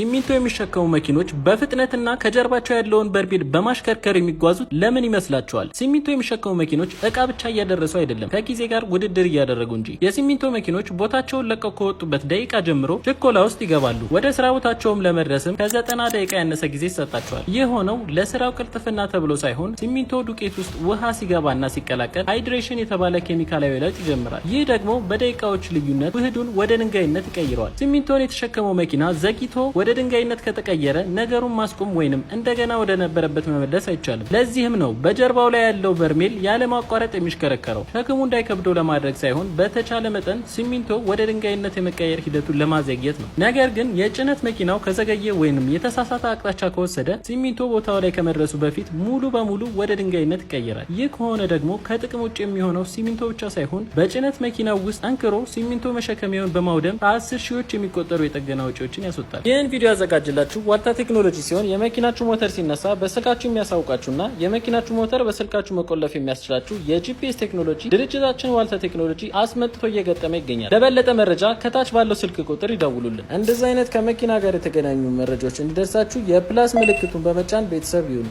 ሲሚንቶ የሚሸከሙ መኪኖች በፍጥነትና ከጀርባቸው ያለውን በርሜል በማሽከርከር የሚጓዙት ለምን ይመስላቸዋል? ሲሚንቶ የሚሸከሙ መኪኖች እቃ ብቻ እያደረሱ አይደለም፣ ከጊዜ ጋር ውድድር እያደረጉ እንጂ። የሲሚንቶ መኪኖች ቦታቸውን ለቀው ከወጡበት ደቂቃ ጀምሮ ችኮላ ውስጥ ይገባሉ። ወደ ስራ ቦታቸውም ለመድረስም ከዘጠና ደቂቃ ያነሰ ጊዜ ይሰጣቸዋል። ይህ ሆነው ለስራው ቅልጥፍና ተብሎ ሳይሆን ሲሚንቶ ዱቄት ውስጥ ውሃ ሲገባና ሲቀላቀል ሃይድሬሽን የተባለ ኬሚካላዊ ለውጥ ይጀምራል። ይህ ደግሞ በደቂቃዎች ልዩነት ውህዱን ወደ ድንጋይነት ይቀይረዋል። ሲሚንቶን የተሸከመው መኪና ዘግይቶ ወደ ድንጋይነት ከተቀየረ ነገሩን ማስቆም ወይንም እንደገና ወደ ነበረበት መመለስ አይቻልም። ለዚህም ነው በጀርባው ላይ ያለው በርሜል ያለማቋረጥ የሚሽከረከረው። ሸክሙ እንዳይከብደው ለማድረግ ሳይሆን በተቻለ መጠን ሲሚንቶ ወደ ድንጋይነት የመቀየር ሂደቱን ለማዘግየት ነው። ነገር ግን የጭነት መኪናው ከዘገየ ወይንም የተሳሳተ አቅጣጫ ከወሰደ ሲሚንቶ ቦታው ላይ ከመድረሱ በፊት ሙሉ በሙሉ ወደ ድንጋይነት ይቀየራል። ይህ ከሆነ ደግሞ ከጥቅም ውጭ የሚሆነው ሲሚንቶ ብቻ ሳይሆን በጭነት መኪናው ውስጥ አንክሮ ሲሚንቶ መሸከሚያውን በማውደም ከአስር ሺዎች የሚቆጠሩ የጥገና ወጪዎችን ያስወጣል። ቪዲዮ ያዘጋጅላችሁ ዋልታ ቴክኖሎጂ ሲሆን የመኪናችሁ ሞተር ሲነሳ በስልካችሁ የሚያሳውቃችሁና የመኪናችሁ ሞተር በስልካችሁ መቆለፍ የሚያስችላችሁ የጂፒኤስ ቴክኖሎጂ ድርጅታችን ዋልታ ቴክኖሎጂ አስመጥቶ እየገጠመ ይገኛል። ለበለጠ መረጃ ከታች ባለው ስልክ ቁጥር ይደውሉልን። እንደዚህ አይነት ከመኪና ጋር የተገናኙ መረጃዎች እንዲደርሳችሁ የፕላስ ምልክቱን በመጫን ቤተሰብ ይሁኑ።